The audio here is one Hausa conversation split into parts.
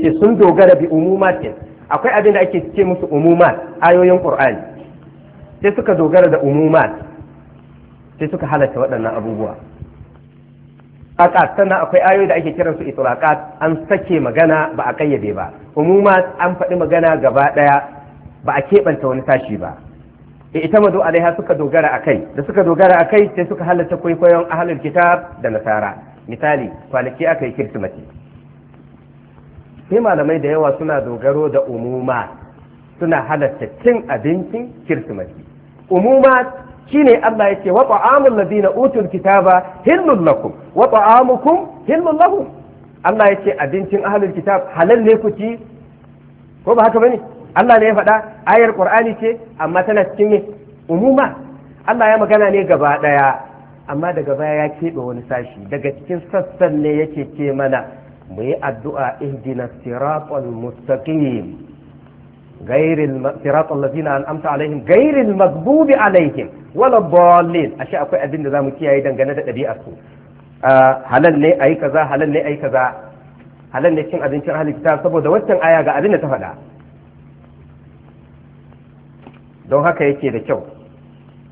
ce sun dogara bi umumatin akwai abin da ake ce musu umumat ayoyin qur'ani sai suka dogara da umumat sai suka halatta waɗannan abubuwa aka sannan akwai ayoyi da ake kiran su itlaqat an sake magana ba a kayyade ba umumat an faɗi magana gaba ɗaya ba a keɓanta wani tashi ba e, ita mazo alaiha suka dogara akai, da suka dogara akai sai suka halarta kwaikwayon ahalul kitab da nasara misali kwanaki aka yi kirsimati sai malamai da yawa suna dogaro da umuma suna halatta cin abincin kirsimati umuma shine Allah yake wa ta'amul ladina utul kitaba hillul lakum wa ta'amukum hillul lahum Allah yake abincin ahlul kitab halal ne ku ci ko ba haka bane Allah ne ya faɗa ayar Qur'ani ce amma tana cikin me umuma Allah ya magana ne gaba daya amma daga baya ya keɓe wani sashi daga cikin sassan ne yake ce mana mu yi addu'a ihdina siratal mustaqim gairil siratal ladina an'amta alaihim gairil maghdubi alaihim wala dallin ashe akwai abin da zamu kiyaye dangane da ɗabi'ar su halal ne ayi kaza halal ne ayi kaza halal ne cin abincin ahli saboda wancan aya ga abin da ta faɗa don haka yake da kyau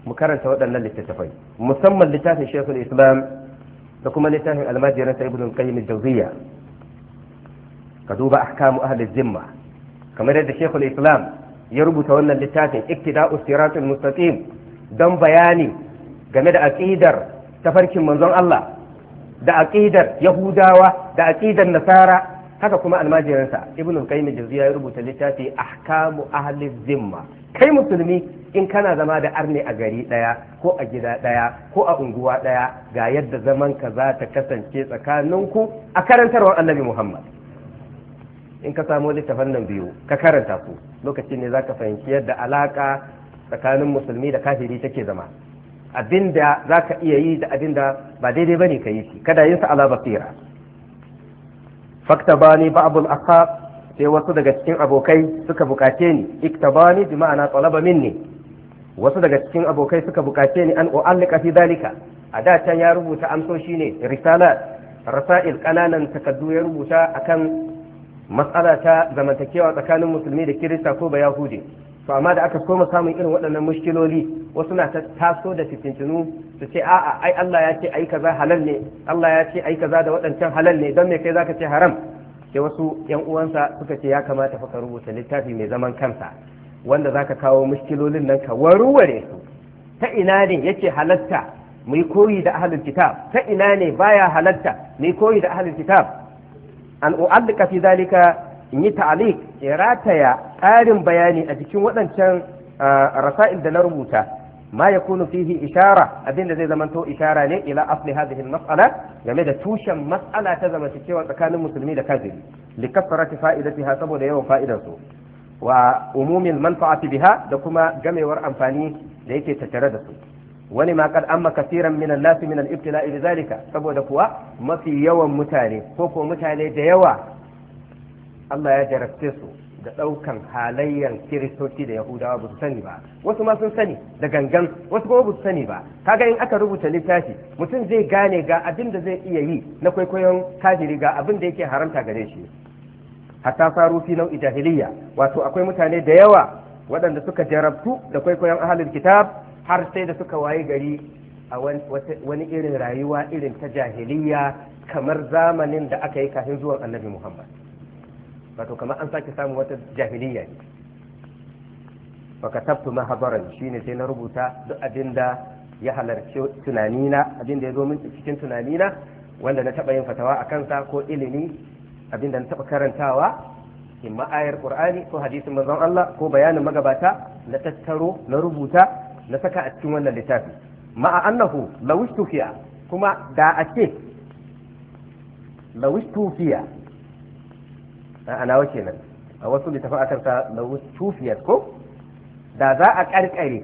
mu karanta waɗannan littattafai musamman littafin shekul islam da kuma littafin almajiran sa ibn qayyim al-jawziyya ka duba ahkamu ahli zimma kamar yadda shekul islam ya rubuta wannan littafin iktida'u siratul mustaqim don bayani game da aqidar tafarkin manzon Allah da aqidar yahudawa da aqidar nasara haka kuma almajiransa ibn al-qayyim jawziya ya rubuta littafi ahkamu ahli zimma kai musulmi in kana zama da arne a gari daya ko a gida daya ko a unguwa daya ga yadda zaman ka za ta kasance tsakaninku a karantarwar annabi muhammad in ka samu littafan nan biyu ka karanta su lokaci ne zaka fahimci yadda alaka tsakanin musulmi da kafiri take zama abinda zaka iya yi da abinda ba daidai bane ka yi shi kada yin sa ala basira faktabani ba'dul ashab sai wasu daga cikin abokai suka bukace ni iktabani bi ma'ana talaba minni wasu daga cikin abokai suka bukace ni an u'allika fi dalika a da can ya rubuta amsoshi ne risala rasail kananan takaddu ya rubuta akan matsala ta zamantakewa tsakanin musulmi da kirista ko yahudi to amma da aka koma samun irin waɗannan mushkiloli wasu na taso da fitintinu su ce a'a ai Allah ya ce ai kaza halal ne Allah ya ce ai kaza da waɗancan halal ne don me kai zaka ce haram sai wasu yan uwansa suka ce ya kamata fa ka rubuta littafi mai zaman kansa wanda zaka kawo mushkilolin nan ka warware su ta ina ne yake halatta mu koyi da ahlul kitab ta ina ne baya halatta mu yi koyi da ahlul kitab an u'allika fi zalika in yi ta'alik in rataya ƙarin bayani a jikin waɗancan rasa'il da na rubuta ma fihi ishara abin da zai zamanto ishara ne ila asli hadhihi mas'ala game da tushen mas'ala ta cewa tsakanin musulmi da kafiri li kasrati fa'idatiha saboda yawan fa'idarsu wa umumin manfa'ati biha da kuma gamewar amfani da yake tattare da su wani ma kad amma kasiran min an-nas min al zalika zalika saboda kuwa mafi yawan mutane ko ko mutane da yawa Allah ya jarabce su da ɗaukan halayyan kiristoci da yahudawa ba su sani ba wasu ma sun sani da gangan wasu kuma ba su sani ba kaga in aka rubuta littafi mutum zai gane ga abin da zai iya yi na kwaikwayon kafiri ga abin da yake haramta gare shi hatta faru fi nau'i jahiliya wato akwai mutane da yawa waɗanda suka jarabtu da kwaikwayon ahalin kitab har sai da suka waye gari a wani irin rayuwa irin ta jahiliya kamar zamanin da aka yi kafin zuwan annabi muhammad wato kamar an sake samun wata jahiliya ne fakatabtu mahabaran shine sai na rubuta duk abin ya halarci tunanina abin da ya zo min cikin tunanina wanda na taɓa yin fatawa a kansa ko ilimi abin na taɓa karantawa imma ayar qur'ani ko hadisin manzon Allah ko bayanin magabata na tattaro na rubuta na saka a cikin wannan littafi ma'a annahu lawistufiya kuma da a ce lawistufiya a anawa kenan a wasu littafin a karsa lawistufiya ko da za a karkare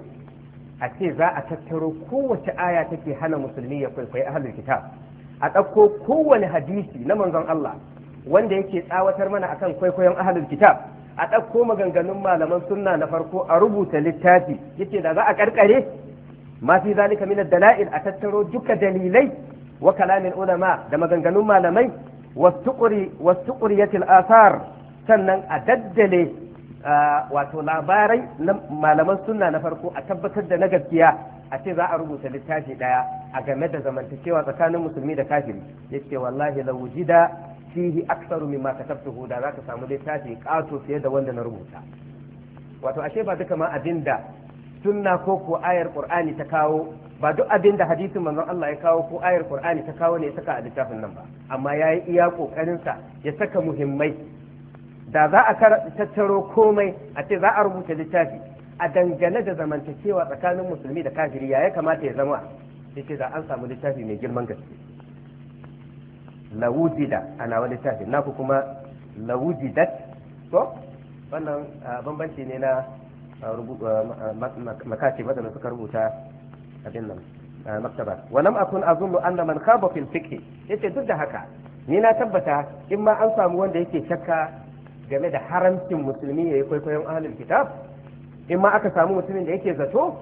a ce za a tattaro kowace aya take hana musulmi ya kwaikwayi ahalin kitab a ɗauko kowane hadisi na manzon Allah wanda yake tsawatar mana akan kwaikwayon ahalin kitab a ɗauko maganganun malaman sunna na farko a rubuta littafi yake da za a karkare ma fi zalika min ad-dala'il a tattaro duka dalilai wa kalamin ulama da maganganun malamai wastuqri wastuqriyatil athar sannan a daddale wato labarai na malaman sunna na farko a tabbatar da na gaskiya a ce za a rubuta littafi daya a game da zamantakewa tsakanin musulmi da kafiri yake wallahi la wujida fihi aksaru mimma katabtuhu da zaka samu littafi kato fiye da wanda na rubuta wato ashe ba duka ma abinda sunna ko ko ayar qur'ani ta kawo ba duk abinda hadisin manzon Allah ya kawo ko ayar qur'ani ta kawo ne saka a littafin nan ba amma yayi iya kokarin sa ya saka muhimmai da za a tattaro komai a ce za a rubuta littafi a dangane da zamantakewa tsakanin musulmi da kafiri ya kamata ya zama sai ce da an samu littafi mai girman gaske lawujida ana wani tafi naku kuma lawujidat to wannan bambanci ne na makaci wadanda suka rubuta abin nan maktaba walam akun azumu anna man khaba fil fikhi yace duk da haka ni na tabbata in ma an samu wanda yake shakka game da haramcin musulmi yayi kwaikwayon ahlul kitab in ma aka samu mutumin da yake zato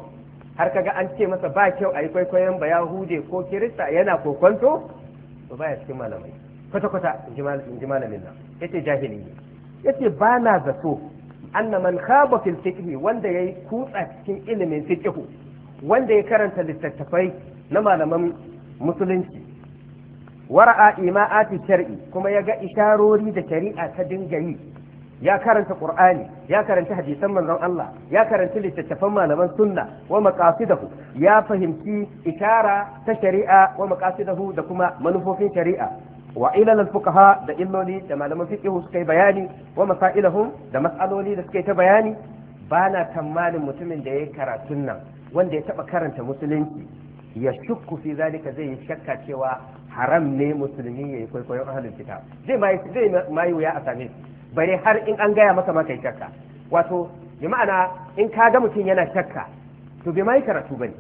har kaga an ce masa ba kyau a yi kwaikwayon ba yahude ko kirista yana kokonto to baya cikin malamai kwata kwata in ji malamin nan yace jahili ne yace ba na zato na man khaba fil fiqh wanda yayi kutsa cikin ilimin fiqh wanda ya karanta littattafai na malaman musulunci wara'a ima'ati shar'i kuma ya ga isharori da shari'a ta dinga yi ya karanta qur'ani ya karanta hadisan manzon Allah ya karanta littattafan malaman sunna wa maqasidahu ya fahimci itara ta shari'a wa maqasidahu da kuma manufofin shari'a wa ilal fuqaha da illoli da malaman fiqh suka yi bayani wa masailahum da mas'aloli da suka yi ta bayani ba na mutumin da ya yi karatun nan wanda ya taba karanta musulunci ya shukku fi zalika zai yi shakka cewa haram ne musulmi ya yi kwaikwayon ahalin kitab zai ma wuya a same bare har in an gaya maka maka shakka wato bi ma'ana in ka ga mutum yana shakka to bai ma yi karatu bane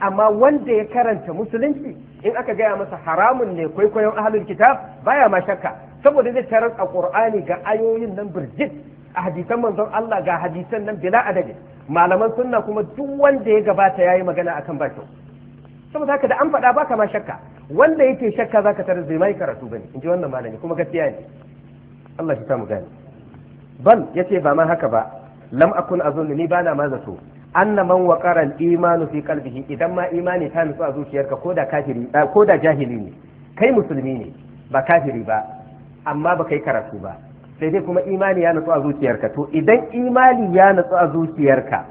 amma wanda ya karanta musulunci in aka gaya masa haramun ne kwaikwayon ahlul kitab baya ma shakka saboda zai tarar a qur'ani ga ayoyin nan birjit a hadisan manzon Allah ga hadisan nan bila adadi malaman sunna kuma duk wanda ya gabata yayi magana akan ba saboda haka da an faɗa baka ma shakka wanda yake shakka zaka tarar zai mai karatu bane in wannan malami kuma gaskiya ne Allah shi mu gani bal ce ba ma haka ba lam akun azunnu ni bana ma zato na man waqara al-imanu fi qalbihi idan ma imani ta nutsu a zuciyarka koda kafiri eh, koda jahili ne kai musulmi ne ba kafiri ba amma ba kai karatu ba sai dai kuma imani ya nutsu a zuciyarka to idan imani ya nutsu a zuciyarka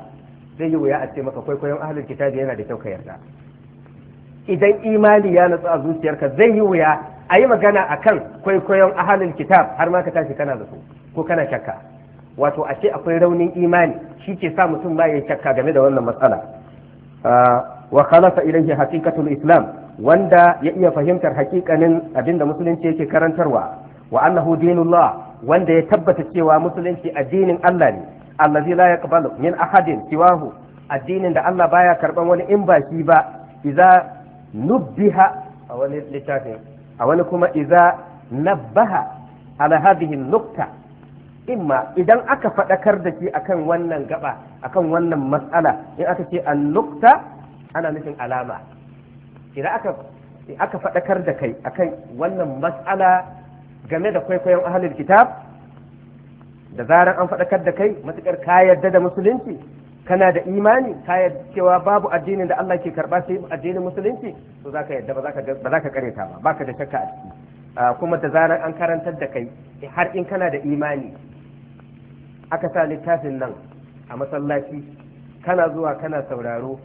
zai yi wuya a ce maka kwaikwayon ahalin kitabi yana da kyau ka yarda idan imani ya nutsu a zuciyarka zai yi wuya a yi magana a kan kwaikwayon ahalin kitab har ma ka tashi kana da su ko kana shakka wato a ce akwai raunin imani shi ke sa mutum ba ya shakka game da wannan matsala ah, wa khalafa ilaihi haqiqatul islam wanda ya iya fahimtar hakikanin abinda musulunci yake karantarwa wa annahu dinullah wanda ya tabbata cewa musulunci addinin Allah ne allazi la yaqbalu min ahadin siwahu addinin da Allah baya karban wani in ba shi ba idza nubbiha a wani littafin a wani kuma iza nabbaha ala hadhihi nukta imma idan aka faɗakar da shi akan wannan gaba akan wannan matsala in aka ce an nukta ana nufin alama idan aka aka faɗakar da kai akan wannan matsala game da kwaikwayon ahalin kitab da zarar an faɗakar da kai matukar ka yarda da musulunci kana da imani ka yarda cewa babu addinin da Allah ke karba sai addinin musulunci to zaka yarda ba zaka ba zaka kareta ba baka da shakka a ciki kuma da zarar an karantar da kai har in kana da imani aka sa littafin nan a masallaci kana zuwa kana sauraro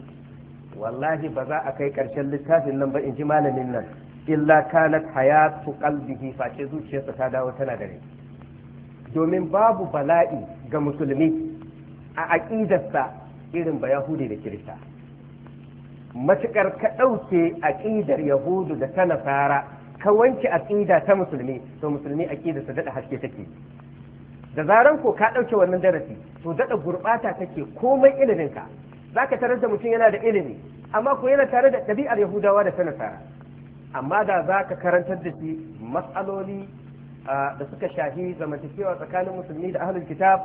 wallahi ba za a kai karshen littafin nan ba in ji malamin nan illa kanat hayatu qalbihi face zuciyarsa ta dawo tana da rai domin babu bala'i ga musulmi a aƙidarsa irin ba yahudi da kirista matuƙar ka ɗauke aƙidar yahudu da ta nasara ka wanke aƙida ta musulmi to musulmi aƙidarsa daɗa haske take da zaran ko ka ɗauke wannan darasi to daɗa gurɓata take komai iliminka za ka tarar da mutum yana da ilimi amma ko yana tare da ɗabi'ar yahudawa da ta nasara amma da za ka karantar da shi matsaloli da suka shafi zamantakewa tsakanin musulmi da ahlul kitab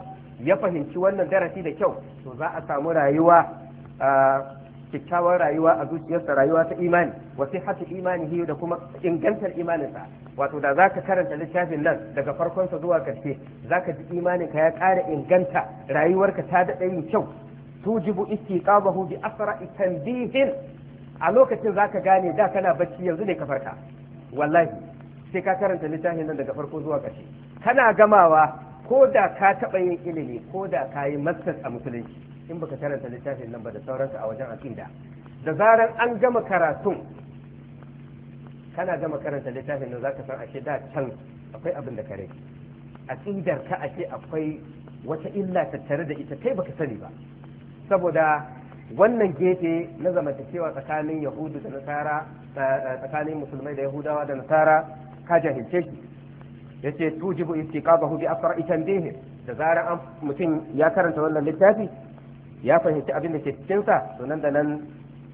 ya fahimci wannan darasi da kyau to za a samu rayuwa kyakkyawar rayuwa a zuciyarsa rayuwa ta imani wa imani imanihi da kuma ingantar imaninsa wato da zaka karanta littafin nan daga farkonsa zuwa karshe zaka ji imaninka ya ƙara inganta rayuwarka ta daɗa yin kyau tujibu istiqabahu bi asra'i tanbihin a lokacin zaka gane da kana bacci yanzu ne ka farka wallahi sai ka karanta littafin nan daga farko zuwa ƙarshe kana gamawa ko da ka taɓa yin ilimi ko da ka yi masters a musulunci in baka karanta littafin nan ba da sauransa a wajen aƙida da zaran an gama karatun kana gama karanta littafin nan zaka san ashe da can akwai abin da kare aƙidar ka ashe akwai wata illa tare da ita kai baka sani ba saboda wannan gefe na zamantakewa tsakanin yahudu da nasara tsakanin musulmai da yahudawa da nasara ka jahilce shi yace tujibu istiqabahu bi asra'i tanbih da zarar mutum ya karanta wannan littafi ya fahimci abin da ke cikin sa to nan da nan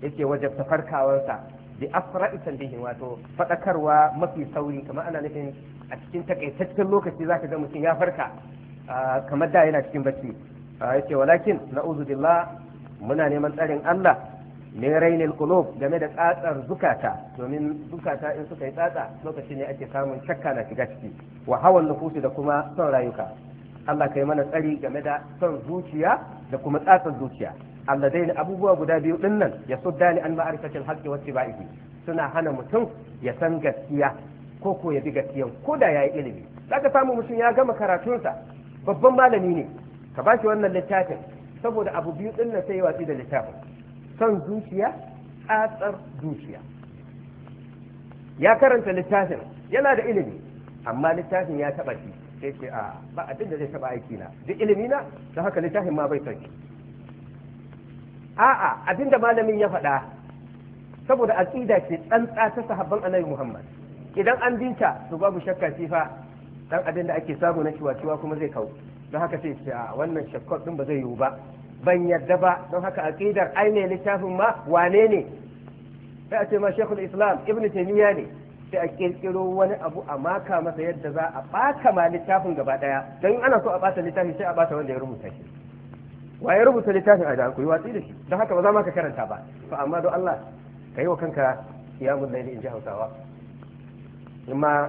yake wajabta farkawarsa bi asra'i tanbih wato fadakarwa mafi sauri kamar ana nufin a cikin takaitaccen lokaci zaka ga mutum ya farka kamar da yana cikin bacci yace walakin na'udhu billah muna neman tsarin Allah ne rainil kulob game da tsatsar zukata domin zukata in suka yi tsatsa lokaci ne ake samun shakka na shiga ciki wa hawan nufusi da kuma son rayuka Allah kai mana tsari game da son zuciya da kuma tsatsar zuciya Allah dai abubuwa guda biyu din nan ya suddani an ma'arifatil haqqi wa tibaihi suna hana mutum ya san gaskiya ko ko ya bi gaskiya ko da yayi ilimi zaka samu mutum ya gama karatunsa babban malami ne ka bashi wannan littafin saboda abu biyu din nan sai ya watsi da littafin son zuciya tsatsar zuciya ya karanta littafin yana da ilimi amma littafin ya taba shi sai ce a ba abin da zai taba aiki na duk ilimi na da haka littafin ma bai son shi a'a abin da malamin ya faɗa saboda aqida ce dan tsata sahabban annabi Muhammad idan an binta to babu shakka shi fa dan abin da ake samu na ciwa kuma zai kawo don haka sai ce a wannan shakkar din ba zai yiwu ba ban yarda ba don haka aqidar ai ne littafin ma wane ne sai a ce ma shekul islam ibn taymiya ne sai a kirkiro wani abu a maka masa yadda za a baka ma littafin gaba daya don ana so a bata littafi sai a bata wanda ya rubuta shi wa ya rubuta littafin a da ku yi watsi da shi don haka ba za ma ka karanta ba to amma don Allah ka yi wa kanka mun laili in ji hausawa in ma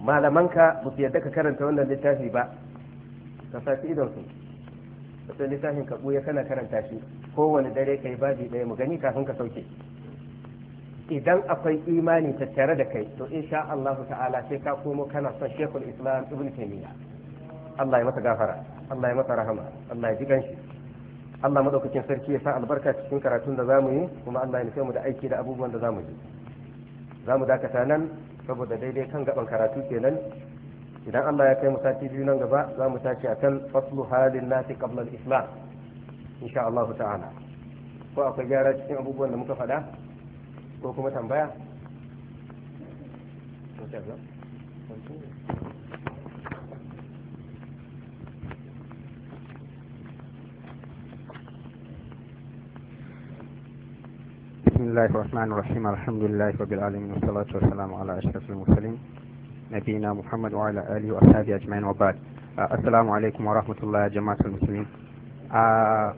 malamanka ba su yadda ka karanta wannan littafi ba ka sati idon su sai littafin ka buya kana karanta shi kowane dare kai babi ɗaya mu gani kafin ka sauke idan akwai imani tattare da kai to insha Allah ta'ala sai ka komo kana son Sheikhul Islam Ibn Taymiyyah Allah ya masa gafara Allah ya masa rahama Allah ya ji ganshi Allah madaukakin sarki ya sa albarka cikin karatun da zamu yi kuma Allah ya mu da aiki da abubuwan da zamu yi zamu dakata nan saboda daidai kan gaban karatu kenan idan Allah ya kai mu sati biyu nan gaba za mu tashi akan faslu halin nasi qabla al-islam insha Allah ta'ala ko akwai gyara cikin abubuwan da muka faɗa ko kuma tambaya بسم الله الرحمن الرحيم الحمد لله رب العالمين والصلاة والسلام على أشرف المرسلين نبينا محمد وعلى آله وأصحابه أجمعين وبعد السلام alaikum wa rahmatullahi jama'atul da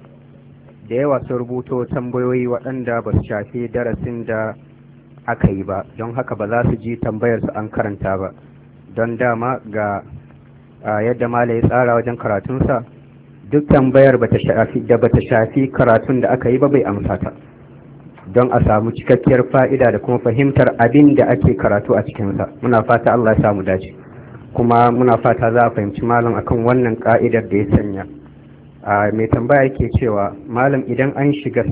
yawa sun rubuto tambayoyi waɗanda ba su shafi darasin da aka yi ba don haka ba za su ji tambayar su an karanta ba don dama ga yadda mala ya tsara wajen karatunsa duk tambayar da ba ta shafi karatun da aka yi ba bai amsa ta don a samu cikakkiyar fa'ida da kuma fahimtar abin da ake karatu a cikinsa muna fata Allah ya samu dace kuma muna fata za a fahimci malam akan wannan ka'idar da ya sanya a mai tambaya yake cewa malam idan an shiga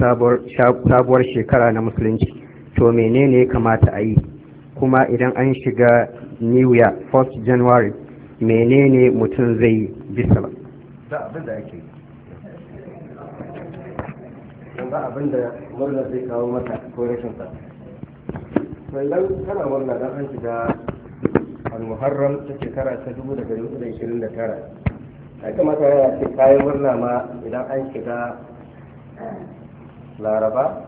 sabuwar shekara na musulunci to menene ya kamata a yi kuma idan an shiga new year 1 january menene mutum zai bisa ba abin da ake yi ba abin da murna zai kawo mata ko rashin sa to idan kana murna dan an shiga al-muharram ta shekara ta dubu da da da ishirin tara. ya kamata ya ce kayan murna ma idan an shiga laraba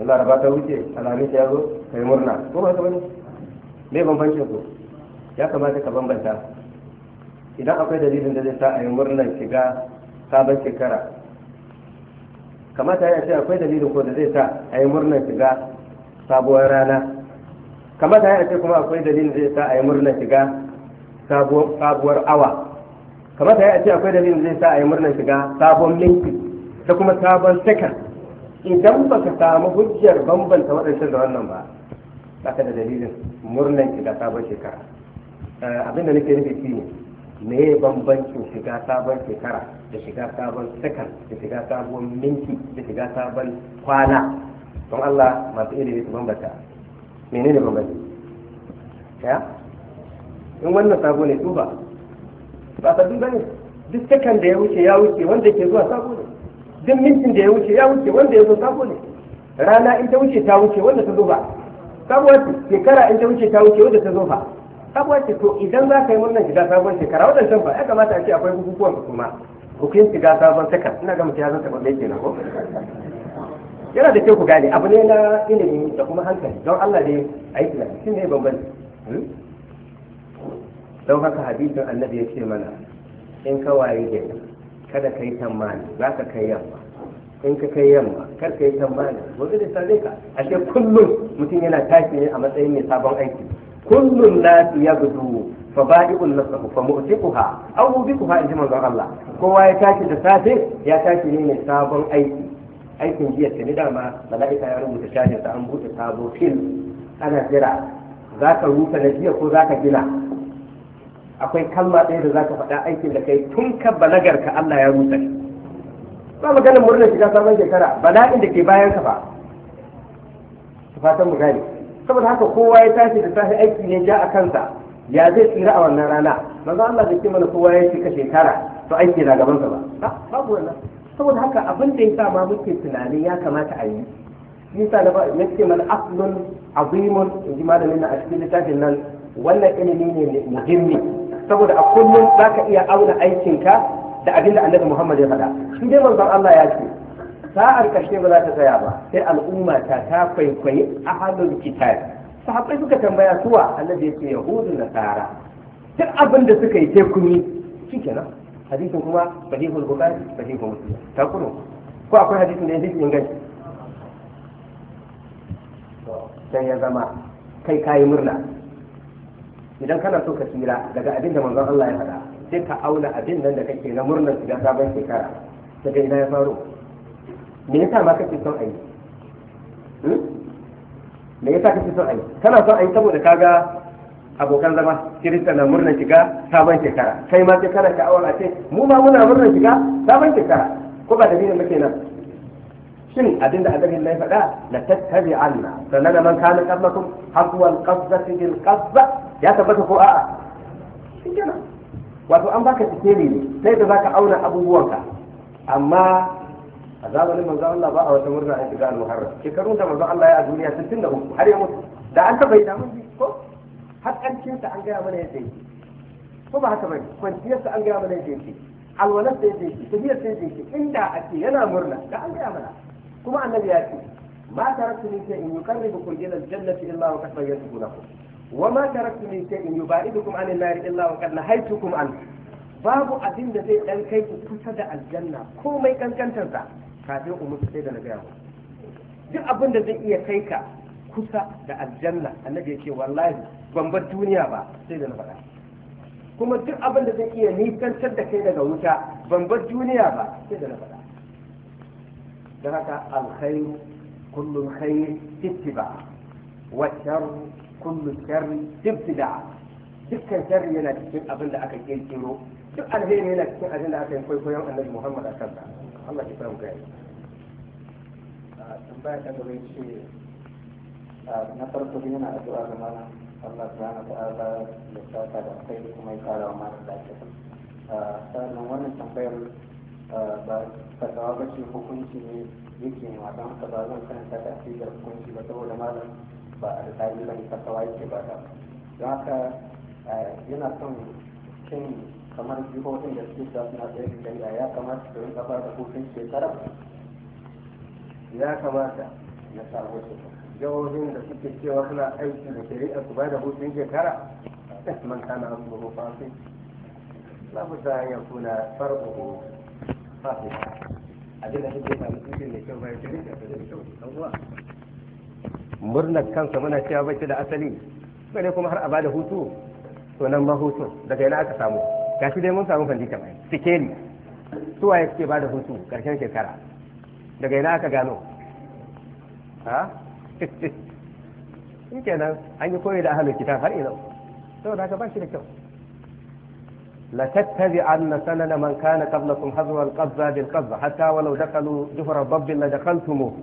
in laraba ta wuce alamis ya zo ka yi murna ko ba ka wani me bambancin ku ya kamata ka bambanta idan akwai dalilin da zai sa a yi murnar shiga sabon shekara kamata ya ce akwai dalilin ko da zai sa a yi murnar shiga sabuwar rana kamata ya ce kuma akwai dalilin zai sa a yi murnar shiga sabuwar awa kamata ya ce akwai dalilin zai sa a yi murnar shiga sabon minti da kuma sabon sekar idan ba ka samu hujjar bambanta waɗancan da wannan ba ba ka da dalilin murnar shiga sabon shekara eh, abinda nake nufi ne me bambancin shiga sabon shekara da shiga sabon sakan da shiga sabon minti da shiga sabon kwana don Allah masu ilimi su bambata menene bambata ya in wannan sabo ne tuba ba sabbin bane duk sakan da ya wuce ya wuce wanda ke zuwa sabo ne duk mintin da ya wuce ya wuce wanda ya zo sabo ne rana in ta wuce ta wuce wanda ta zo ba sabuwa ce shekara in ta wuce ta wuce wanda ta zo ba sabuwa ce to idan za ka yi murnar shiga sabon shekara wadancan ba ya kamata a ce akwai bukukuwan kuma hukin shiga sabon saka ina ga mutum ya zanta ba mai kenan ko yana da kyau ku gane abu ne na ilimi da kuma hankali don Allah ne, a yi tunani shi ne bambanci hmm? don haka hadisin annabi ya ce mana in ka waye gari kada ka yi tamani za ka kai yamma in ka kai yamma kar ka yi tamani gobe da sare ka A ce kullum mutum yana tashi ne a matsayin mai sabon aiki kullum na ya gudu fa ba'i'un nafsahu fa mu'tiquha aw mubiquha in ji manzon Allah kowa ya tashi da safe ya tashi ne mai sabon aiki aikin jiya ta ni dama mala'ika ya rubuta shajin ta an buɗe sabo fil ana jira za ka rufe na jiya ko za ka gina akwai kalma ɗaya da za ka faɗa aikin da kai tun ka balagar ka Allah ya rusa shi ba maganin murnar shiga sabon shekara bala'in da ke bayan ka ba fatan mu gane saboda haka kowa ya tashi da safe, aiki ne ja a kansa ya zai tsira a wannan rana manzo Allah bai ce mana kowa ya shika shekara to aiki na gaban sa ba ah, babu wannan saboda haka abin da yasa ma muke tunanin ya kamata a yi yasa da ya ce mana aslun azimun in ji malamin na a cikin littafin nan wannan ilimi ne muhimmi saboda a kullum zaka iya auna aikinka da abinda annabi Muhammad ya faɗa shi dai manzon Allah ya ce sa'ar kashe ba za ta tsaya ba sai al'umma ta ta kwaikwayi ahadul kitab sahabbai suka tambaya suwa annabi yake yahudu na tsara duk abin da suka yi sai kun yi shikenan hadisin kuma sahihul bukhari sahihul muslim ta kuro ko akwai hadisin da ya fi inganci sai ya zama kai kai murna idan kana so ka tsira daga abin da manzon Allah ya faɗa sai ka auna abin nan da kake na murnar shiga sabon shekara daga ina ya faru me yasa ma kake son ayi hmm? me yasa kake son ayi kana son ayi saboda kaga abokan zama kirista na murnar shiga sabon shekara kai ma sai kana sha'awar a ce mu ma muna murnar shiga sabon shekara ko ba da ne muke nan shin abin da annabi ya faɗa la tattabi anna sanana man kana qablakum haqwal qabdati bil qabda ya tabbata ko a'a shikenan wato an baka tsere ne sai da zaka auna abubuwanka amma a zamanin manzo Allah ba a wata murna a shiga al-muharram shekarun da manzo Allah ya a duniya 63 har ya mutu da an taba yi damun ko har kancin ta an gaya mana yadda yake ko ba haka bane kwanciyar ta an gaya mana yadda yake alwalar da yadda yake tafiyar sa yadda yake inda a ce yana murna da an gaya mana kuma annabi ya ce ma taraktu min shay'in yuqarribukum ila al-jannati illa wa qad bayyatukum lakum wa ma taraktu min shay'in yubaidukum an an-nar illa wa qad nahaytukum an babu abin da zai dan kai ku kusa da aljanna komai kankantar sa kafin umar sai da na gaya ba duk abin da zai iya kai ka kusa da aljanna annabi ya ce wallahi ban bar duniya ba sai da na faɗa kuma duk abin da zai iya nisantar da kai daga wuta ban bar duniya ba sai da na faɗa da haka alkhairu kullum khair ittiba wa sharru kullum sharri ibtida dukkan sharri yana cikin abin da aka kirkiro duk alheri yana cikin abin da aka yi kwaikwayon annabi Muhammad a kansa Allah ya samu a tambaya ta gaba ce na farko yana addu'a ga mana Allah subhanahu wa ta'ala ya saka da kai kuma ya kara wa malam a sanan wannan tambayar ba fatawa ba ce hukunci ne yake ne wasan ta ba zan karanta ta ce da hukunci ba saboda malam ba a alƙali ba ne kawai yake ba ta don haka yana son cin kamar jihohin da suke samun suna tsaye da ya kamata su rinka ba da hutun shekara ya kamata na samu su jihohin da suke cewa suna aiki da shari'a su ba da hutun shekara man kana abu ba fasin babu ta hanyar kuna farko fasin abin da suke samun cikin da kyau bayan shari'a da kyau abuwa murnar kansa muna cewa bai da asali bane kuma har a bada hutu to nan ba hutu daga yana aka samu gashi dai mun samu kandita mai sikeli su waye suke ba da hutu karshen shekara daga ina aka gano ha shi kenan an yi koyi da ahalin kitab har ina saboda haka ba shi da kyau la tattabi anna sanana man kana qablakum hazwa al-qabza bil qabza hatta walau dakalu juhra babbin la dakaltumuhu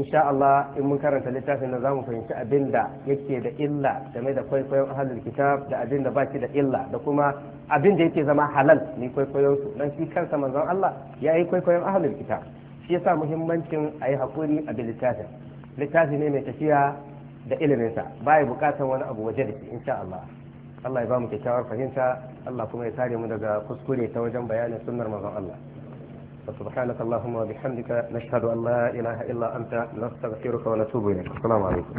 insha Allah in mun karanta littafin nan zamu fahimci abinda da yake da illa game da kwaikwayon ahlul kitab da abin da baki da illa da kuma abinda da yake zama halal ni kwaikwayon su dan shi kansa manzon Allah ya yi kwaikwayon ahlul kitab shi yasa muhimmancin a yi hakuri a bi littafin littafi ne mai tafiya da ilimin sa bai bukatar wani abu waje da shi insha Allah Allah ya ba mu kyakkyawar fahimta Allah kuma ya tare mu daga kuskure ta wajen bayanin sunnar manzon Allah فسبحانك اللهم وبحمدك نشهد أن لا إله إلا أنت نستغفرك ونتوب إليك السلام عليكم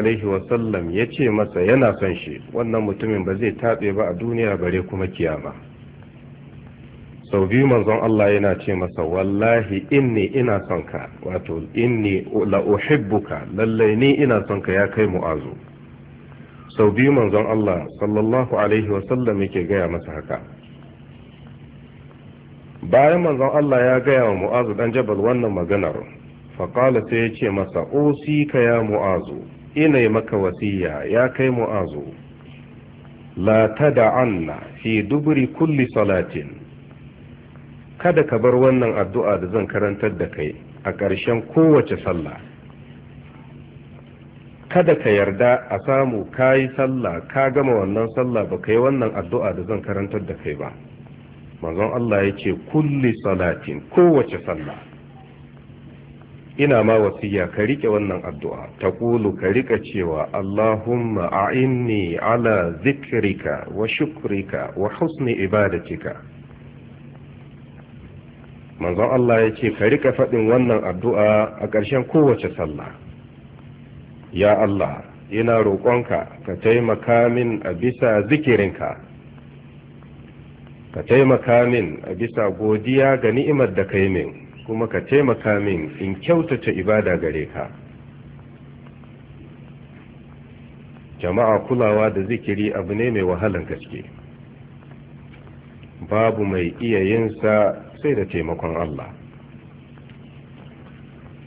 alaihi wasallam ya ce masa yana son shi wannan mutumin ba zai tatse ba a duniya bare kuma kiyama sau biyu manzon Allah yana ce masa wallahi inni ina son ka wato inni la uhibbuka lallai ni ina son ka ya kai mu'azu sau biyu manzon Allah sallallahu alaihi wasallam yake gaya masa haka bayan manzon Allah ya gaya wa mu'azu dan jabal wannan maganar faƙala sai ya ce masa ka ya mu'azu ina maka wasiya ya kai mu'azu la tada'anna fi duburi kulli salatin kada ka bar wannan addu'a da zan karantar da kai a ƙarshen kowace sallah kada ka yarda a samu ka yi sallah ka gama wannan sallah ba ka yi wannan addu'a da zan karantar da kai ba manzon Allah ya ce kulli salatin kowace sallah ina ma wasiya ka rike wannan addu'a ta kulu ka rika cewa Allahumma a'inni ala zikrika wa shukrika wa husni ibadatika manzon Allah ya ce ka rika faɗin wannan addu'a a ƙarshen kowace sallah ya Allah ina roƙonka ka taimaka min a bisa zikirinka ka taimaka min a bisa godiya ga ni'imar da kai min kuma ka taimaka min in kyautata ibada gare ka jama'a kulawa da zikiri abu ne mai wahalan gaske babu mai iya yinsa sai da taimakon Allah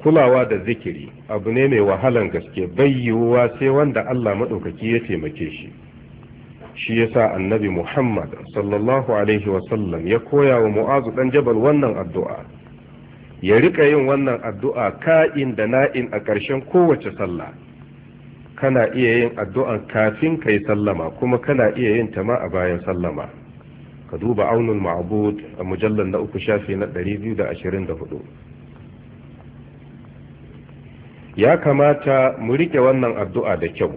kulawa da zikiri abu ne mai wahalan gaske bai yiwuwa sai wanda Allah maɗaukaki ya taimake shi shi yasa annabi Muhammad sallallahu alaihi wasallam ya koya wa mu'azu ɗan jabal wannan addu'a ya rika yin wannan addu'a ka'in da na'in a ƙarshen kowace sallah kana iya yin addu'an kafin ka yi sallama kuma kana iya yin ta ma a bayan sallama ka duba aunin ma'abud a mujallar na uku shafi na da da 224 ya kamata mu rike wannan addu'a da kyau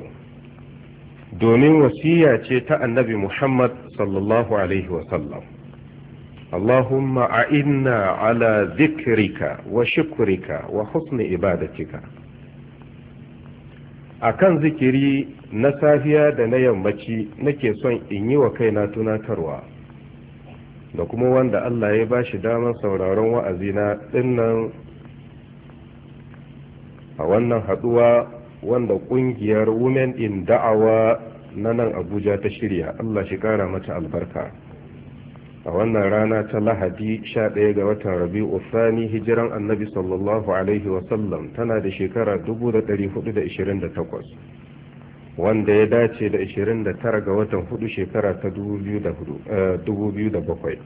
domin wasiya ce ta annabi muhammad sallallahu alaihi wasallam اللهم أعنا على ذكرك وشكرك وحسن عبادتك akan zikiri na safiya da na yammaci nake son in yi wa kaina tunatarwa da kuma wanda Allah ya ba shi damar sauraron wa'azina dinnan a wannan haduwa wanda kungiyar women in da'awa na nan abuja ta shirya Allah shi kara mata albarka a wannan rana ta lahadi 11 ga watan rabi'u sani hijiran annabi sallallahu alaihi wasallam tana da shekara 428 wanda ya dace da 29 ga watan hudu shekara ta 2007 eh,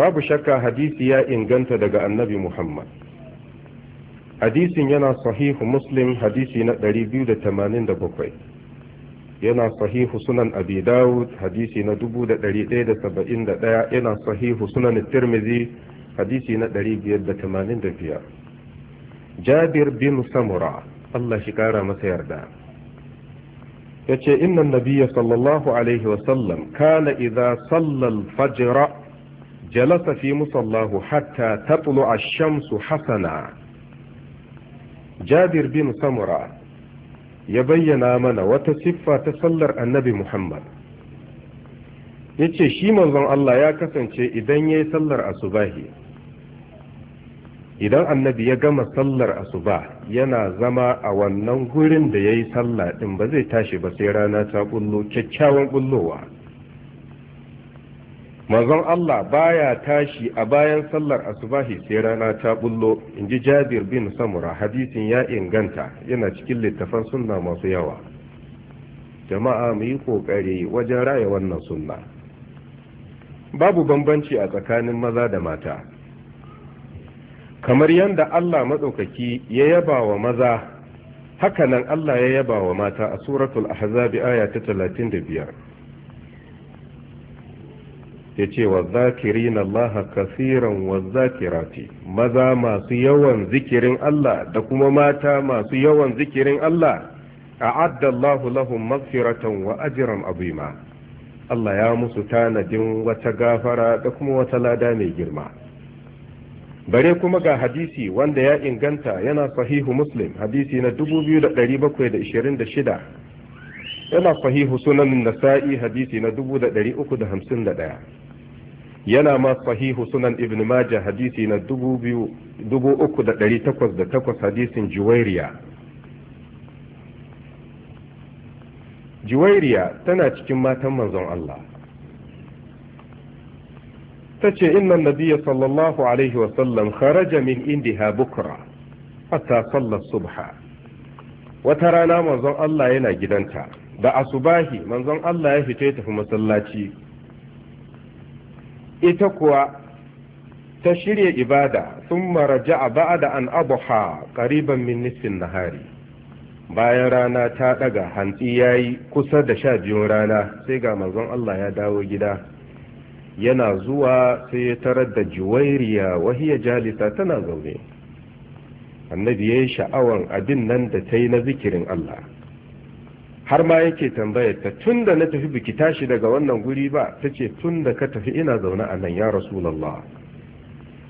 babu shakka hadisi ya inganta daga annabi muhammad hadisin yana sahihu muslim hadisi na 287 yana sahihu sunan abi dawud hadisi na 1171 yana sahihu sunan tirmidhi hadisi na 585 jabir bin samura Allah shi kara masa yarda yace inna nabiyya sallallahu alaihi wa sallam kana idza salla al-fajr jalasa fi musallahu hatta tatlu ash-shamsu hasana jabir bin samura ya bayyana mana wata siffa ta sallar annabi Muhammad ya ce shi manzon Allah ya kasance idan ya yi sallar asubahi idan annabi ya gama sallar asuba yana zama a wannan gurin da ya yi sallah ɗin ba zai tashi ba sai rana ta bullo kyakkyawan bullowa manzon Allah baya tashi a bayan sallar asubahi sai rana ta bullo inji Jabir bin Samura hadisin ya inganta yana cikin littafan sunna masu yawa jama'a mu yi kokari wajen raya wannan sunna babu bambanci a tsakanin maza da mata kamar yadda Allah matsaukaki ya yaba wa maza hakanan Allah ya yaba wa mata a suratul ahzab aya ta 35 ya ce wa zakiri na laha kasiran wa zakirati maza masu yawan zikirin Allah da kuma mata masu yawan zikirin Allah a addallahu lahum magfiratan wa ajiran abima Allah ya musu tanadin wata gafara da kuma wata lada mai girma bare kuma ga hadisi wanda ya inganta yana sahihu muslim hadisi na 2726 yana sahihu sunan nasa'i hadisi na 3351 yana ma sahihu sunan ibn majah hadisi na 3,808 hadisin juwairiya juwairiya tana cikin matan manzon Allah ta ce innan nabiya sallallahu alaihi wasallam kharaja min indiha bukra hatta sallar subha wata rana manzon Allah yana gidanta da asubahi manzon Allah ya fita ya tafi masallaci ita kuwa ta shirya ibada sun maraja a da an abuha ƙariban min nisfin nahari bayan rana ta ɗaga hantsi ya yi kusa da sha biyun rana sai ga manzon Allah ya dawo gida yana zuwa sai ya tarar da juwairiya wahiya jalisa tana zaune annabi ya yi sha'awan abin nan da ta yi na zikirin Allah har ma yake tambayar ta tun na tafi biki tashi daga wannan guri ba ta ce tun ka tafi ina zaune a nan ya rasulallah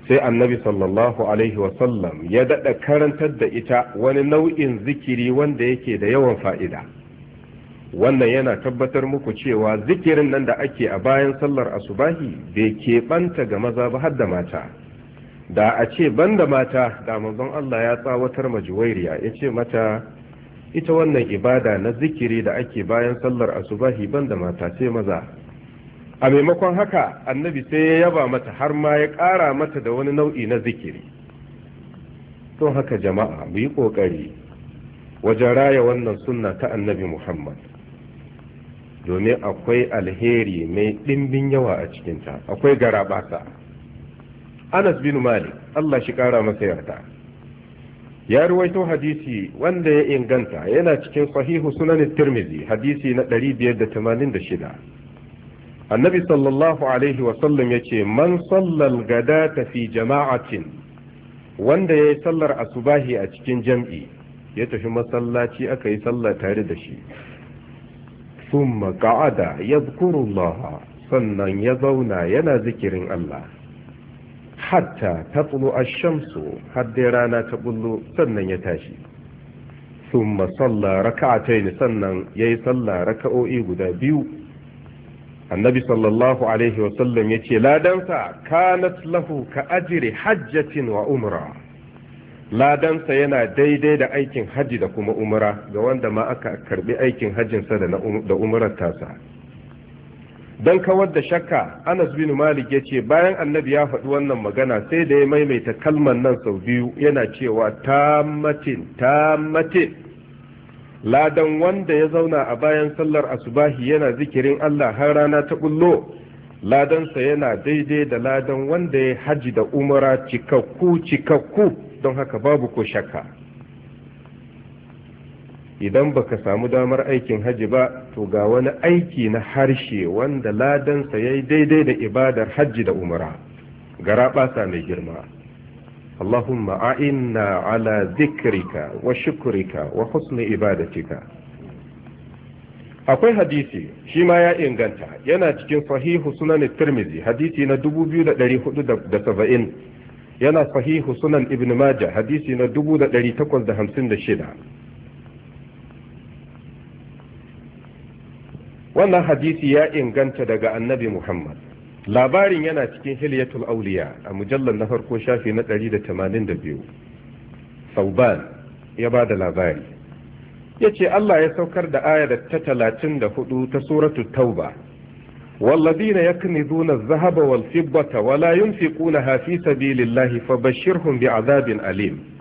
sai annabi sallallahu alaihi wasallam ya daɗa karantar da ita wani nau'in zikiri wanda yake da yawan fa'ida wannan yana tabbatar muku cewa zikirin nan da ake a bayan sallar asubahi bai keɓanta ga maza ba har da mata da a ce banda mata da manzon Allah ya tsawatar majuwairiya ya ce mata ita wannan ibada na zikiri da ake bayan sallar asubahi banda mata ce maza a maimakon haka annabi sai ya yaba mata har ma ya ƙara mata da wani nau'i na zikiri don haka jama'a mu yi ƙoƙari wajen raya wannan sunna ta annabi muhammad domin akwai alheri mai ɗimbin yawa a cikinta akwai garabasa anas bin malik allah shi ƙara masa yarda ya ruwaito hadisi wanda ya inganta yana cikin sahihu sunanin tirmizi hadisi na 586 annabi sallallahu alaihi wasallam ya ce man sallal gadata fi jama'atin wanda ya yi sallar asubahi a cikin jam'i ya tafi masallaci aka yi sallah tare da shi summa qa'ada yadhkurullaha sannan ya zauna yana zikirin Allah hatta ta tsulu a shamsu har dai rana ta bullo sannan ya tashi sun masalla raka'atai sannan ya yi salla raka'o'i guda biyu annabi sallallahu alaihi wasallam ya ce ladansa kanat lahu ka ajiri hajjatin wa umra ladansa yana daidai da aikin hajji da kuma umra ga wanda ma aka karbi aikin hajjinsa da umarar tasa don kawar da shakka anas bin malik ya ce bayan annabi ya faɗi wannan magana sai da ya maimaita kalman nan sau biyu yana cewa tamatin tamatin ladan wanda ya zauna a bayan sallar asubahi yana zikirin allah har rana ta bullo ladansa yana daidai da ladan wanda ya haji da umara cikakku cikakku don haka babu ko shakka idan baka samu damar aikin hajji ba to ga wani aiki na harshe wanda ladansa ya yi daidai da ibadar hajji da umara gara ɓasa mai girma allahumma ina ala zikrika wa shukrika wa husni ibadatika akwai hadisi shima ya inganta yana cikin sahihu sunan tirmizi hadisi na 2470 yana sahihu sunan ibn majah hadisi na 1856 wannan hadisi ya inganta daga annabi muhammad labarin yana cikin hilyatul auliya a mujallar na farko shafi na 182 sauban ya ba da labari ya ce allah ya saukar da ayar ta 34 ta suratu tauba والذين يكنزون الذهب والفضة ولا ينفقونها في سبيل الله فبشرهم بعذاب أليم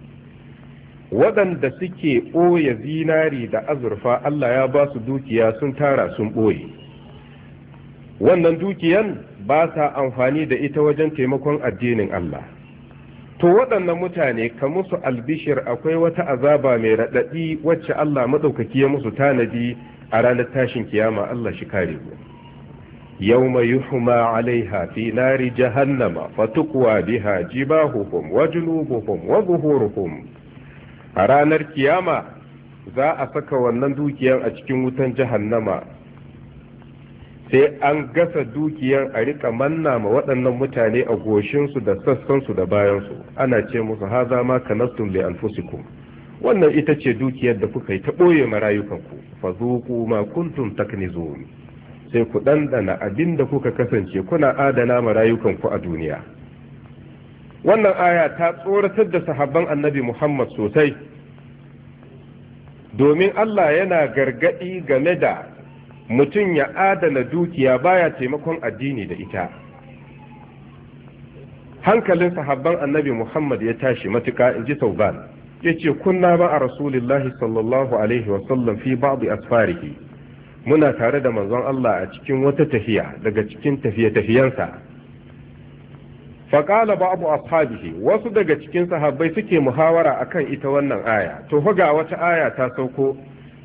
waɗanda suke ɓoye zinari da azurfa Allah ya ba su dukiya sun tara sun ɓoye wannan dukiyan ba sa amfani da ita wajen taimakon addinin Allah to waɗannan mutane ka musu albishir akwai wata azaba mai raɗaɗi wacce Allah maɗaukaki ya musu tanadi a ranar tashin kiyama Allah shi kare mu yawma yuhma alaiha fi nari jahannama fatukwa biha jibahuhum wa junubuhum wa zuhuruhum a ranar kiyama za a saka wannan dukiyar a cikin wutan jahannama sai an gasa dukiyar a riƙa manna ma waɗannan mutane a goshinsu da sassansu da bayansu ana ce musu haza ma kanastun mai alfusikun wannan ita ce dukiyar da kuka yi ta ɓoye ma rayukanku fa zuku ma kuntum taknizun sai ku ɗanɗana abin da kuka kasance kuna adana ma rayukanku a duniya wannan aya ta tsoratar da sahabban annabi muhammad sosai domin allah yana gargadi game da mutum ya adana dukiya baya taimakon addini da ita hankalin sahabban annabi muhammad ya tashi matuka in ji sauban ya ce kunna ba a rasulillahi sallallahu alaihi wasallam fi ba'du asfarihi muna tare da manzon allah a cikin wata tafiya daga cikin tafiye-tafiyensa faƙala ba abu ashabihi wasu daga cikin sahabbai suke muhawara akan ita wannan aya to ga wata aya ta sauko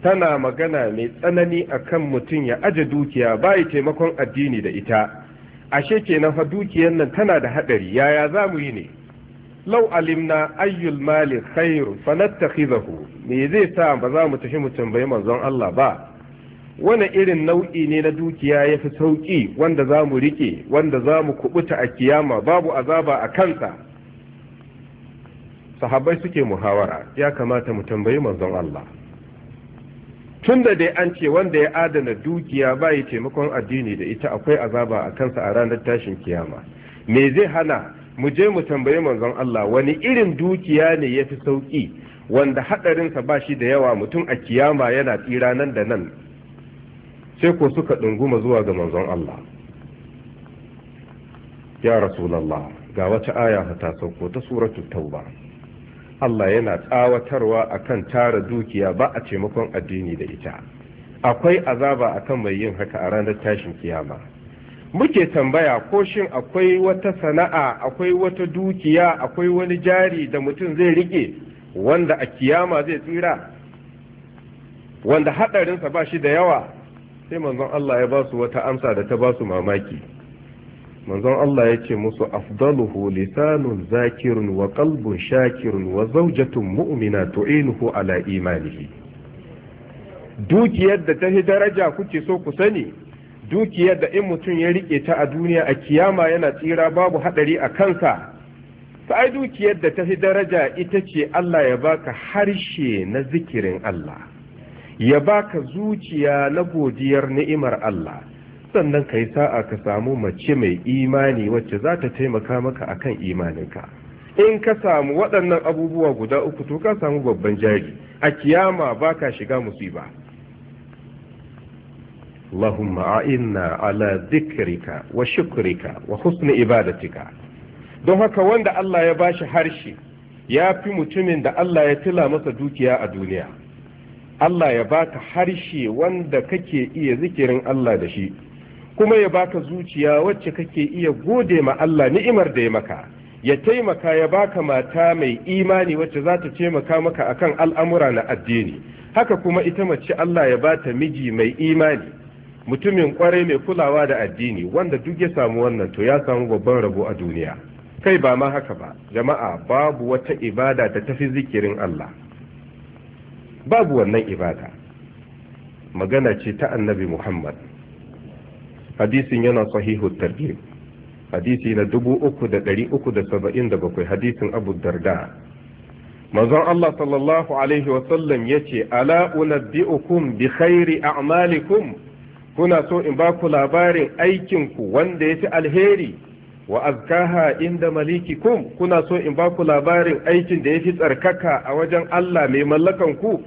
tana magana mai tsanani akan mutum ya aje dukiya bai taimakon addini da ita ashe kenan fa dukiyar nan tana da haɗari yaya za mu yi ne lau alimna ayyul mali khairu fanattakhizahu me zai sa ba za mu tafi mu tambayi manzon Allah ba wani irin nau'i ne na dukiya ya fi sauƙi wanda za mu riƙe wanda za mu kubuta a kiyama babu azaba a kansa sahabbai suke muhawara ya kamata mu tambayi manzon Allah tun da dai an ce wanda ya adana dukiya bayi taimakon addini da ita akwai azaba a kansa a ranar tashin kiyama me zai hana mu je mu tambayi manzon Allah wani irin dukiya ne ya fi sauƙi wanda haɗarinsa ba shi da yawa mutum a kiyama yana tsira nan da nan sai ko suka ɗunguma zuwa ga manzon Allah ya rasulallah ga wata aya ta sauko ta suratul tauba Allah yana tsawatarwa akan tara dukiya ba a taimakon addini da ita akwai azaba akan mai yin haka a ranar tashin kiyama muke tambaya ko shin akwai wata sana'a akwai wata dukiya akwai wani jari da mutum zai rike wanda a kiyama zai tsira wanda haɗarinsa ba shi da yawa sai manzon Allah ya ba su wata amsa da ta ba su mamaki manzon Allah ya ce musu afdaluhu lisanun zakirun wa qalbun shakirun wa zawjatun mu'mina tu'inuhu ala imanihi dukiyar da ta fi daraja kuke so ku sani dukiyar da in mutum ya rike ta a duniya a kiyama yana tsira babu hadari a kansa ta ai dukiyar da ta fi daraja ita ce Allah ya baka harshe na zikirin Allah ya baka zuciya na godiyar ni'imar Allah sannan ka yi sa'a ka samu mace mai imani wacce za ta taimaka maka akan imaninka in ka samu waɗannan abubuwa guda uku to ka samu babban jari a kiyama ba ka shiga musiba Allahumma a'inna ala zikrika wa shukrika wa husni ibadatika don haka wanda Allah ya bashi harshe ya fi mutumin da Allah ya tila masa dukiya a duniya Allah ya baka harshe wanda kake iya zikirin Allah da shi kuma ya baka zuciya wacce kake iya gode ma Allah ni'imar da ya maka ya taimaka ya baka mata mai imani wacce za ta taimaka maka akan al'amura na addini haka kuma ita mace Allah ya bata miji mai imani mutumin kwarai mai kulawa da addini wanda duk ya samu wannan to ya samu babban rabo a duniya kai ba ma haka ba jama'a babu wata ibada da tafi zikirin Allah babu wannan ibada magana ce ta annabi muhammad hadisin yana sahihu targhib hadisi na 3377 hadisin abu darda manzon Allah sallallahu alaihi wasallam ya ce ala unabbi'ukum bi khairi a'malikum kuna so in ba ku labarin aikinku wanda ya fi alheri wa azkaha inda kum kuna so in ba ku labarin aikin da yafi tsarkaka a wajen Allah mai mallakan ku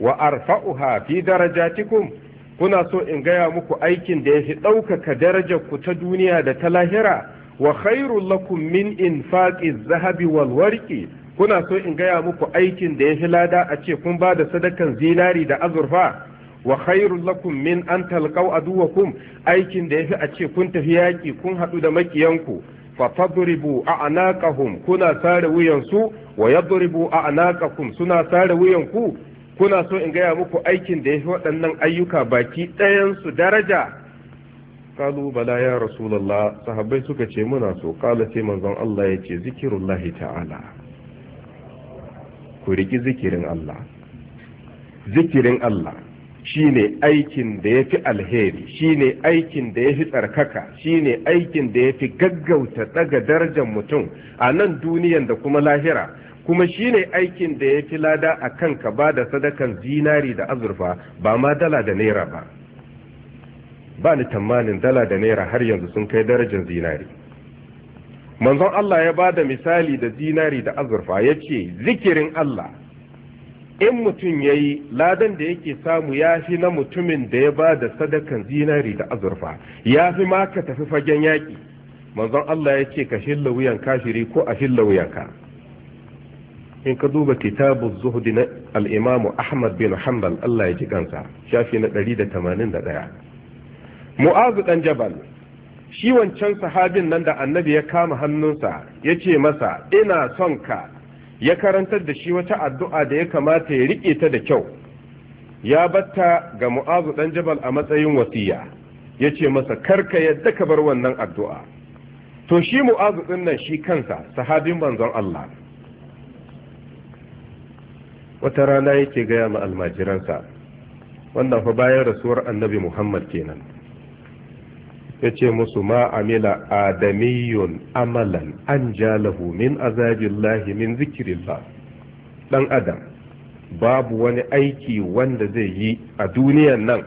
wa arfa'uha fi darajatikum kuna so in gaya muku aikin da yafi ɗaukaka darajar ku ta duniya da ta lahira wa khairul lakum min infaqi zahabi wal warqi kuna so in gaya muku aikin da yafi lada a ce kun ba da sadakan zinari da azurfa wa khairul lakum min an talqaw aduwakum aikin da yafi a ce kun tafi yaki kun hadu da makiyanku fa tadribu a'naqahum kuna sare wuyansu wa yadribu a'naqakum suna sare wuyanku kuna so in gaya muku aikin da yafi waɗannan ayyuka baki ɗayan su daraja qalu bala ya rasulullah sahabbai suka ce muna so qala sai manzon Allah yace zikirullahi ta'ala ku riki zikirin Allah zikirin Allah shine aikin da ya fi alheri shine aikin da ya fi tsarkaka shine aikin da ya fi gaggauta daga darajar mutum a nan duniyan da kuma lahira kuma shine aikin da ya fi lada a kan ka ba da sadakan zinari da azurfa ba ma dala da naira ba ba ni tamanin dala da naira har yanzu sun kai darajar zinari manzon Allah ya ba da misali da zinari da azurfa ya ce zikirin Allah in mutum ya yi ladan da yake samu ya fi na mutumin da ya ba da sadakan zinari da azurfa ya fi ma ka tafi fagen yaƙi manzon Allah ya ce ka shilla wuyan kafiri ko a shilla wuyanka in ka duba kitabu zuhdi na al'imamu ahmad bin hanbal Allah ya ji kansa shafi na 181 mu'azu dan jabal shi wancan sahabin nan da annabi ya kama hannunsa ya ce masa ina son ka ya karantar da shi wata addu'a da ya kamata ya riƙe ta da kyau ya batta ga mu'azu ɗan jabal a matsayin wasiya ya ce masa karka yadda ka bar wannan addu'a to shi mu'azu ɗin nan shi kansa sahabin manzon Allah wata rana yake gaya ma almajiransa wannan fa bayan rasuwar annabi Muhammad kenan ya ce musu ma amila adamiyun amalan an jalahu min azabillahi min zikirillah dan adam babu wani aiki wanda zai yi a duniyan nan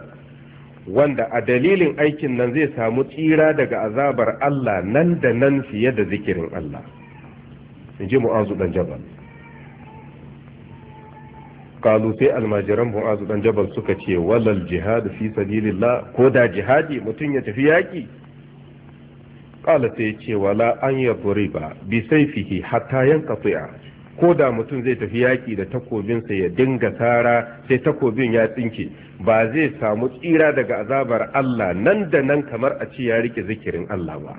wanda a dalilin aikin nan zai samu tsira daga azabar Allah nan da nan fiye da zikirin Allah in ji mu'azu dan jabal qalu sai almajiran mu'azu dan jabal suka ce walal jihad fi sabilillah ko da jihadi mutun ya tafi yaki qala sai ce wala an yadriba bi sayfihi hatta yanqati'a ko da mutum zai tafi yaki da takobinsa ya dinga sara sai takobin ya tsinke ba zai samu tsira daga azabar Allah nan da nan kamar a ce ya rike zikirin Allah ba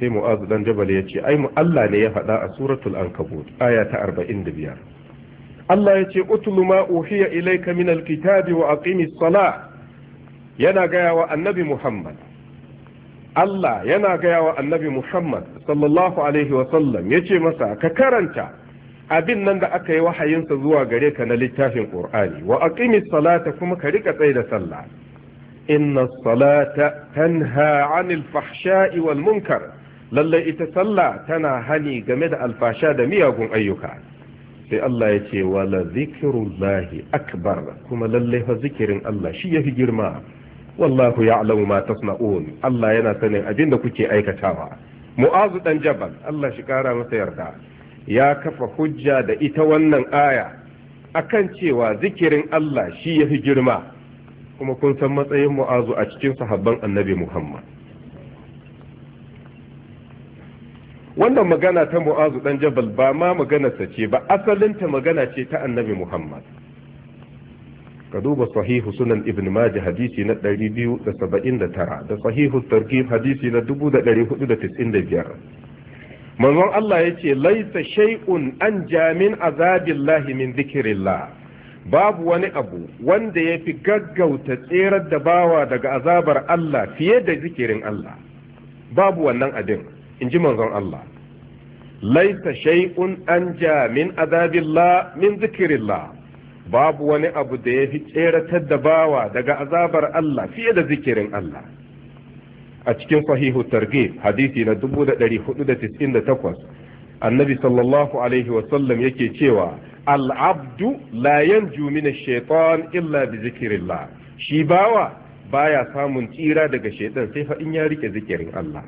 sai mu'azu dan jabal ya ce ai mu Allah ne ya faɗa a suratul ankabut aya ta 45 Allah ya ce utulu ma uhiya ilaika min alkitabi wa aqimis yana gaya wa annabi Muhammad Allah yana gaya wa annabi Muhammad sallallahu alaihi wa sallam yace masa ka karanta abin nan da aka yi wahayinsa zuwa gare ka na littafin Qur'ani wa aqimis salata kuma ka rika tsaye da sallah inna salata tanha anil fahsha'i wal munkar lalle ita sallah tana hani game da alfasha da miyagun ayyuka sai Allah ya ce wala zikrullahi akbar kuma lallai fa zikirin Allah shi yafi girma wallahu ya'lamu ma tasna'un Allah yana sanin abin da kuke aikatawa mu'azu dan jabal Allah shi kara masa yarda ya kafa hujja da ita wannan aya akan cewa zikirin Allah shi yafi girma kuma kun san matsayin mu'azu a cikin sahabban annabi Muhammad wannan magana ta mu'azu dan jabal ba ma magana sa ce ba asalinta magana ce ta annabi muhammad ka duba sahihu sunan ibn majah hadisi na 279 da sahihu targhib hadisi na 1495 manzon Allah ya ce laisa shay'un an jamin azabillahi min zikirillah babu wani abu wanda ya fi gaggauta tserar da bawa daga azabar Allah fiye da zikirin Allah babu wannan abin in ji manzon Allah laisa shay'un ja min azabillah min zikirillah babu wani abu da ya fi tseratar da bawa daga azabar Allah fiye da zikirin Allah a cikin sahihu hadisi na 1498 annabi sallallahu alaihi wasallam yake cewa al'abdu la yanju min shaitan illa bi zikirillah shi bawa baya samun tsira daga shaitan sai fa in ya rike zikirin Allah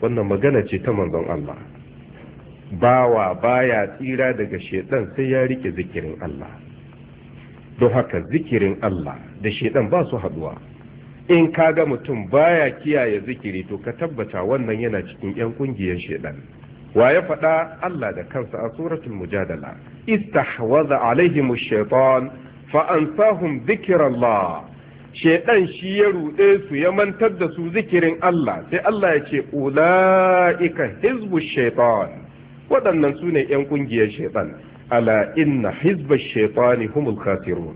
wannan magana ce ta manzon Allah bawa baya tsira daga shedan sai ya rike zikirin Allah don haka zikirin Allah da shedan ba su haduwa in kaga mutum baya kiyaye zikiri to ka tabbata wannan yana cikin yan kungiyar shedan wa ya faɗa Allah da kansa a suratul mujadala istahwaza alaihim ash-shaytan fa ansahum shaiɗan shi ya ruɗe su ya mantar da su zikirin Allah sai Allah ya ce ulaika hizbu shaitan waɗannan su ne yan kungiyar shaiɗan ala inna hizba shaitani humul khasirun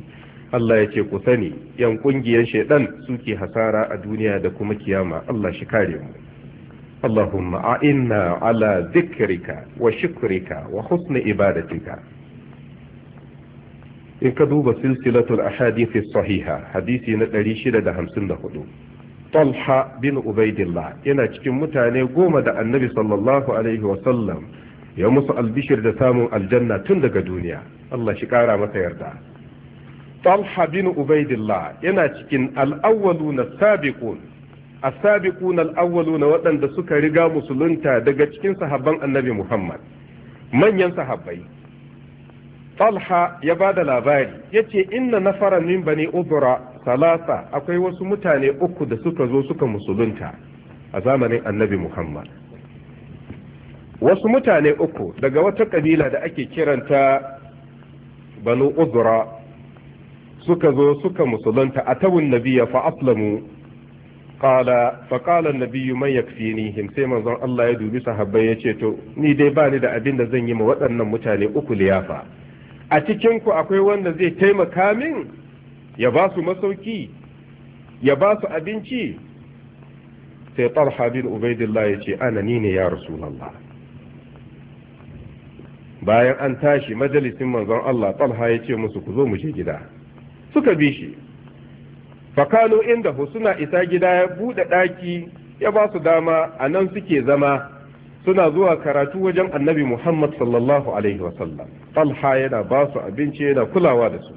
Allah ya ce ku sani yan kungiyar shaiɗan suke hasara a duniya da kuma kiyama Allah shi kare mu ala zikirika wa shukurika wa وحسن ibadatika. in ka duba silsilatul ahadithi sahiha hadisi na 654 talha bin ubaidillah yana cikin mutane goma da annabi sallallahu alaihi ya musu albishir da samun aljanna tun daga duniya Allah shi kara masa yarda talha bin ubaidillah yana cikin na sabiqun as-sabiquna na waɗanda suka riga musulunta daga cikin sahabban annabi Muhammad manyan sahabbai talha ya ba da labari ya ce inna na fara min bani ubura salasa akwai wasu mutane uku da suka zo suka musulunta a zamanin annabi muhammad wasu mutane uku daga wata kabila da ake kiranta banu uzura suka zo suka musulunta a tawun nabiya fa aslamu qala fa qala an-nabiyyu man yakfinihim sai manzon Allah ya dubi sahabbai ya ce to ni dai ba ni da abin da zan yi ma waɗannan mutane uku liyafa a cikinku akwai wanda zai taimaka min ya ba su masauki ya ba su abinci sai talha bin ubaidillah ya ce ana ni ne ya rasulallah bayan an tashi majalisin manzon Allah talha ya ce musu ku zo mu je gida suka bi shi fakano inda suna isa gida ya buɗe ɗaki ya ba su dama a nan suke zama suna zuwa karatu wajen annabi Muhammad sallallahu alaihi wasallam talha yana ba su abinci yana kulawa da su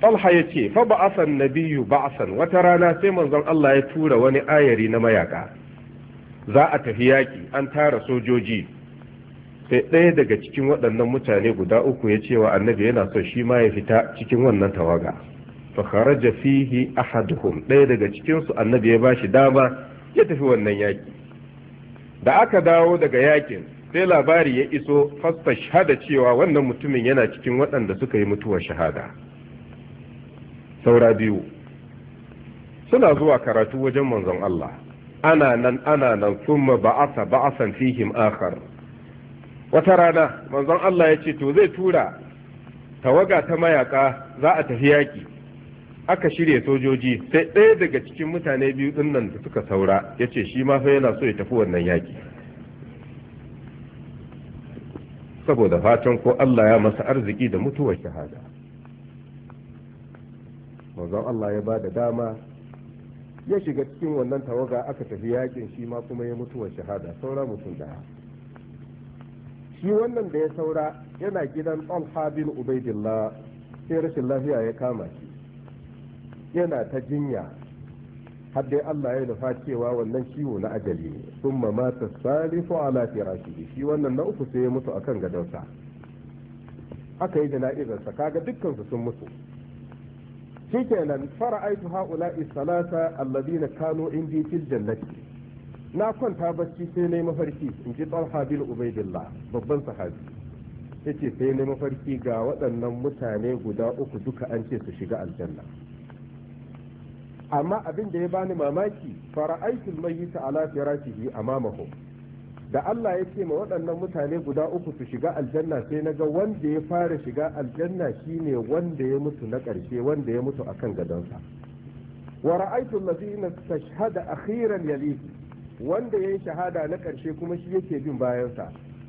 talha ya ce fa ba'asan nabiyyu ba'asan wata rana sai manzon Allah ya tura wani ayari na mayaka za a tafi yaƙi an tara sojoji sai ɗaya daga cikin waɗannan mutane guda uku ya ce wa annabi yana so shi ma ya fita cikin wannan tawaga fa kharaja fihi ahaduhum ɗaya daga cikinsu annabi ya bashi dama ya tafi wannan yaki da aka dawo daga yakin sai labari ya iso fasta shahada cewa wannan mutumin yana cikin waɗanda suka yi mutuwar shahada saura biyu suna zuwa karatu wajen manzon Allah ana nan ana nan ma ba'asa ba'asan fihim akhar wata rana manzon Allah ya ce to zai tura tawaga ta mayaka za a tafi yaki aka shirya sojoji sai ɗaya daga cikin mutane biyu ɗin nan da suka saura ya ce shi ma fa yana so ya tafi wannan yaƙi saboda fatan ko Allah ya masa arziki da mutuwar shahada manzon Allah ya ba da dama ya shiga cikin wannan tawaga aka tafi yaƙin shi ma kuma ya mutuwar shahada saura mutum daya shi wannan da ya saura yana gidan bin Ubaidillah sai rashin lafiya ya kama shi yana ta jinya har dai Allah ya nufa cewa wannan ciwo na ajali ne thumma mata salisu ala firashihi shi wannan na uku sai ya mutu akan gadonsa aka yi jana'izarsa kaga dukkansu sun mutu shikenan fara'aitu haula'i salasa alladhina kano indi fil jannati na kwanta bacci sai nayi mafarki in ji Talha bin Ubaidillah babban sahabi yace sai nayi mafarki ga waɗannan mutane guda uku duka an ce su shiga aljanna amma abin da ya bani mamaki fara'aitul mayyita ala firashihi amamahu da Allah ya ce ma waɗannan mutane guda uku su shiga aljanna sai na ga wanda ya fara shiga aljanna shine wanda ya mutu na ƙarshe wanda ya mutu akan gadonsa wa ra'aytul ladina tashhada akhiran yalihi wanda yayi shahada na ƙarshe kuma shi yake bin bayansa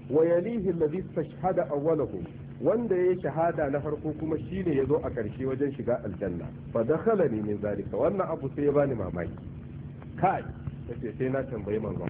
wa yalihi alladhi tashhada awwalahu wanda ya yi shahada na farko kuma shine ya zo a ƙarshe wajen shiga aljanna ba da ni min zalika wannan abu sai ya bani mamaki kai sai sai na tambayi manzon